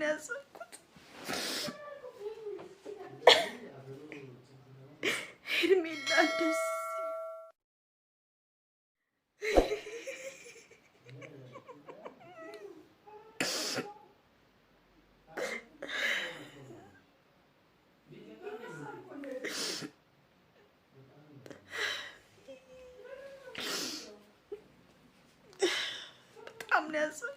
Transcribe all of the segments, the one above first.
Bakmam lazım. Elim elden tez. Tam lazım.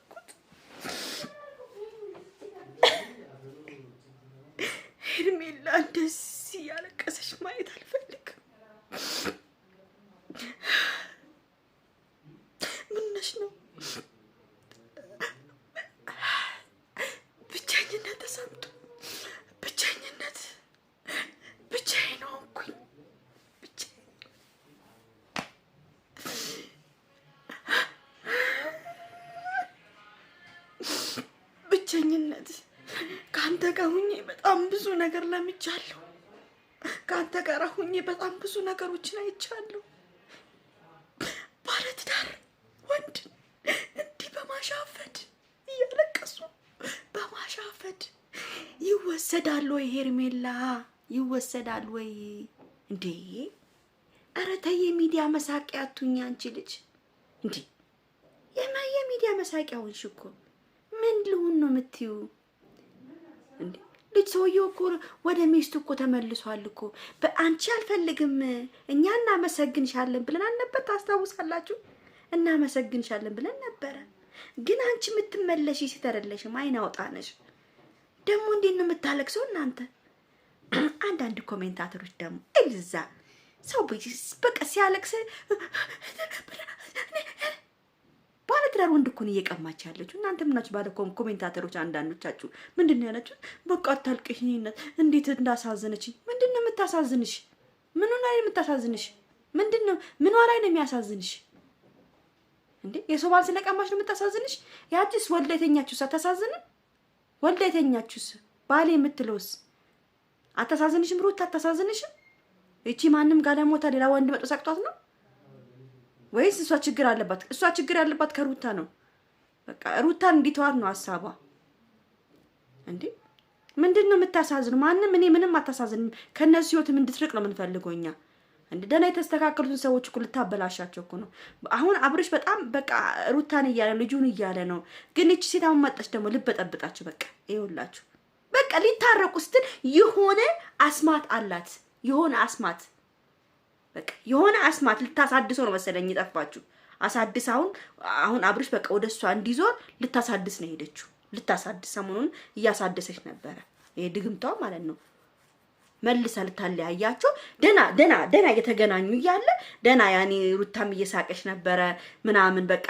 እንደዚህ ያለቀሰች ማየት አልፈልግም። ምነሽ ነው? ብቻኝነት ተሰምቶ ጋር ሁኜ በጣም ብዙ ነገር ለምቻለሁ። ከአንተ ጋር ሁኜ በጣም ብዙ ነገሮችን አይቻለሁ። ባለትዳር ወንድ እንዲህ በማሻፈድ እያለቀሱ በማሻፈድ ይወሰዳል ወይ ሄርሜላ? ይወሰዳል ወይ እንዴ? ኧረ ተይ የሚዲያ መሳቂያ አቱኝ አንቺ ልጅ እንዴ! የማየ ሚዲያ መሳቂያ ሆንሽ እኮ ምን ልሁን ነው የምትዩ? እንዴ ልጅ ሰውየው እኮ ወደ ሚስቱ እኮ ተመልሷል እኮ። በአንቺ አልፈልግም እኛ እናመሰግንሻለን ብለን አልነበር? ታስታውሳላችሁ? እናመሰግንሻለን ብለን ነበረ። ግን አንቺ የምትመለሽ ሴት አይደለሽም፣ አይን አውጣ ደግሞ እንዴት ነው የምታለቅሰው እናንተ? አንዳንድ ኮሜንታተሮች ደግሞ እዛ ሰው በቃ ሲያለቅስ አዳር ወንድ እኮ ነው እየቀማች ያለችው። እናንተ ምናችሁ ባለ ኮሜንታተሮች አንዳንዶቻችሁ ምንድን ነው ያለችው? በቃ አታልቅሽኝነት እንዴት እንዳሳዝነች። ምንድን ነው የምታሳዝንሽ? ምኑ ላይ ነው የምታሳዝንሽ? ምንድን ነው ምኗ ላይ ነው የሚያሳዝንሽ? እንዴ የሰው ባል ስለቀማሽ ነው የምታሳዝንሽ? ያቺስ ወልዳ የተኛችሁስ አታሳዝንም? ወልዳ የተኛችሁስ ባሌ የምትለውስ አታሳዝንሽም? ሩት አታሳዝንሽም? እቺ ማንም ጋለሞታ ሌላ ወንድ መጦ ሰቅቷት ነው ወይስ እሷ ችግር አለባት? እሷ ችግር ያለባት ከሩታ ነው። በቃ ሩታን እንዲተዋት ነው ሀሳቧ። እንዴ ምንድን ነው የምታሳዝኑ? ማንም እኔ ምንም አታሳዝንም። ከእነሱ ህይወትም እንድትርቅ ነው የምንፈልገው እኛ። እንደ ደህና የተስተካከሉትን ሰዎች እኮ ልታበላሻቸው እኮ ነው። አሁን አብርሽ በጣም በቃ ሩታን እያለ ልጁን እያለ ነው። ግን እቺ ሴት አሁን መጣች ደግሞ ልበጠብጣችሁ። በቃ ይኸውላችሁ፣ በቃ ሊታረቁ ስትል የሆነ አስማት አላት የሆነ አስማት በቃ የሆነ አስማት ልታሳድሰው ነው መሰለኝ የጠፋችሁ። አሳድስ አሁን አሁን አብርሽ በቃ ወደ እሷ እንዲዞር ልታሳድስ ነው ሄደችው። ልታሳድስ ሰሞኑን እያሳደሰች ነበረ። ይሄ ድግምታው ማለት ነው። መልሳ ልታለያያቸው ደና ደና ደና እየተገናኙ እያለ ደና ያኔ ሩታም እየሳቀች ነበረ ምናምን በቃ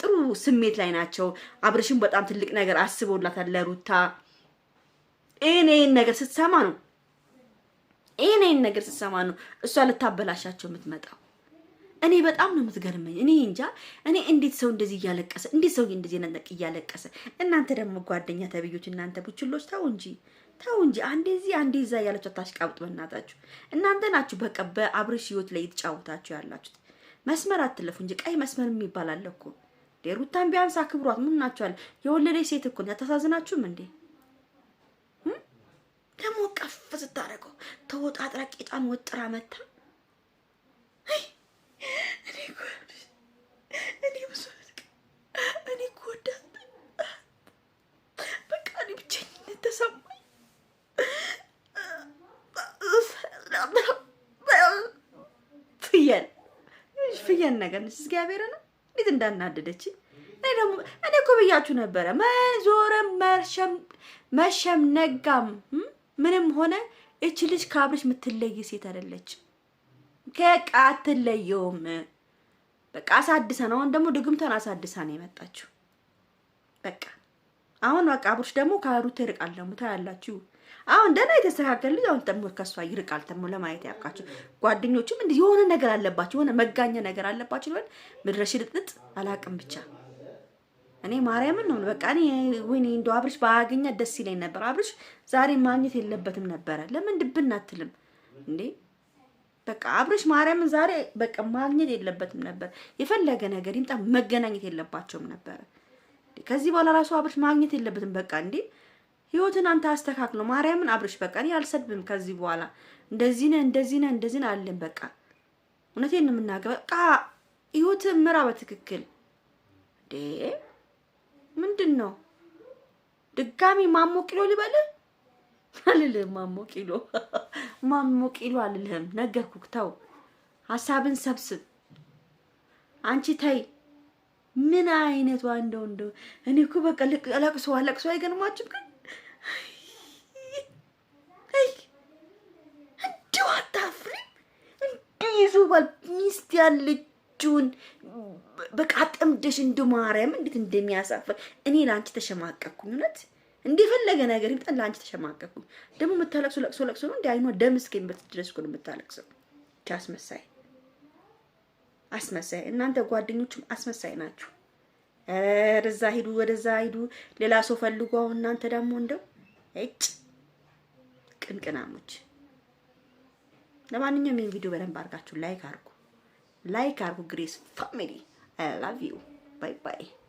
ጥሩ ስሜት ላይ ናቸው። አብርሽም በጣም ትልቅ ነገር አስቦላታል ለሩታ። ይሄን ይሄን ነገር ስትሰማ ነው ይሄን ይሄን ነገር ስትሰማ ነው እሷ ልታበላሻቸው የምትመጣው። እኔ በጣም ነው የምትገርመኝ። እኔ እንጃ እኔ እንዴት ሰው እንደዚህ እያለቀሰ እንዴት ሰው እንደዚህ ነጠቅ እያለቀሰ። እናንተ ደግሞ ጓደኛ ተብዮች፣ እናንተ ቡችሎች ተው እንጂ ተው እንጂ። አንዴ እዚህ አንዴ እዛ እያላችሁ አታሽቃብጡ በእናታችሁ። እናንተ ናችሁ በቃ በአብርሽ ህይወት ላይ እየተጫወታችሁ ያላችሁት። መስመር አትለፉ እንጂ ቀይ መስመር የሚባል አለ እኮ። ሩታን ቢያንስ አክብሯት። ምን ናችኋል? የወለደች ሴት እኮ አታሳዝናችሁም እንዴ? ደግሞ ቀፍ ስታደርገው ተወጣጥራ ቂጣን ወጥራ መታ። እኔ ፍየል ነገር እግዚአብሔር ነው እንዴት እንዳናደደች። እኔ ደግሞ እኔ እኮ ብያችሁ ነበረ መዞረም መሸም መሸም ነጋም ምንም ሆነ እች ልጅ ከአብርሽ የምትለይ ሴት አይደለች። ከቃ አትለየውም። በቃ አሳድሰን አሁን ደግሞ ድግምተን አሳድሳ ነው የመጣችው። በቃ አሁን በቃ አብርሽ ደግሞ ከሩት ይርቃል። ደግሞ ታያላችሁ። አሁን ደህና የተስተካከለ ልጅ አሁን ደግሞ ከሷ ይርቃል። ደግሞ ለማየት ያብቃችሁ። ጓደኞችም እንዲህ የሆነ ነገር አለባቸው፣ የሆነ መጋኛ ነገር አለባቸው። ይሆን ምድረሽ ልጥጥ አላቅም ብቻ እኔ ማርያምን ነው በቃ እኔ ወይኔ እንደው አብርሽ ባገኛት ደስ ይለኝ ነበር። አብርሽ ዛሬ ማግኘት የለበትም ነበረ። ለምን ድብን አትልም እንዴ? በቃ አብርሽ ማርያምን ዛሬ በቃ ማግኘት የለበትም ነበር። የፈለገ ነገር ይምጣ መገናኘት የለባቸውም ነበረ። ከዚህ በኋላ ራሱ አብርሽ ማግኘት የለበትም በቃ እንዴ። ህይወትን አንተ አስተካክለው ማርያምን። አብርሽ በቃ እኔ አልሰድብም ከዚህ በኋላ እንደዚህ ነህ እንደዚህ ነህ እንደዚህ ነህ አለን በቃ እውነቴን የምናገር በቃ ምራ በትክክል እንዴ ምንድን ነው ድጋሚ ማሞ ቂሎ ልበልህ? አልልህም። ማሞ ቂሎ ማሞ ቂሎ አልልህም። ነገርኩህ። ተው ሀሳብን ሰብስብ። አንቺ ተይ። ምን አይነት እንደው እንደው እኔ እኮ በቃ ለቅሶ ለቅሶ አይገርማችሁ ግን እንደው አታፍሪም? ይዞ ባል ሚስት ያለች እጁን በቃ አጠምደሽ እንደ ማርያም እንዴት እንደሚያሳፍር እኔ ለአንቺ ተሸማቀቅኩኝ። እውነት እንደፈለገ ነገር ይምጣ፣ ለአንቺ ተሸማቀቅኩኝ። ደግሞ የምታለቅሱ ለቅሶ ለቅሶ ነው እንደ አይኗ ደም እስከሚበት ድረስ ነው የምታለቅሰው። አስመሳይ አስመሳይ፣ እናንተ ጓደኞችም አስመሳይ ናችሁ። እዛ ሂዱ፣ ወደዛ ሂዱ፣ ሌላ ሰው ፈልጉ። አሁን እናንተ ደግሞ እንደው እጭ ቅንቅናሞች። ለማንኛውም ይሄን ቪዲዮ በደንብ አድርጋችሁ ላይክ አድርጉ። Like Cargo Grace family. I love you. Bye-bye.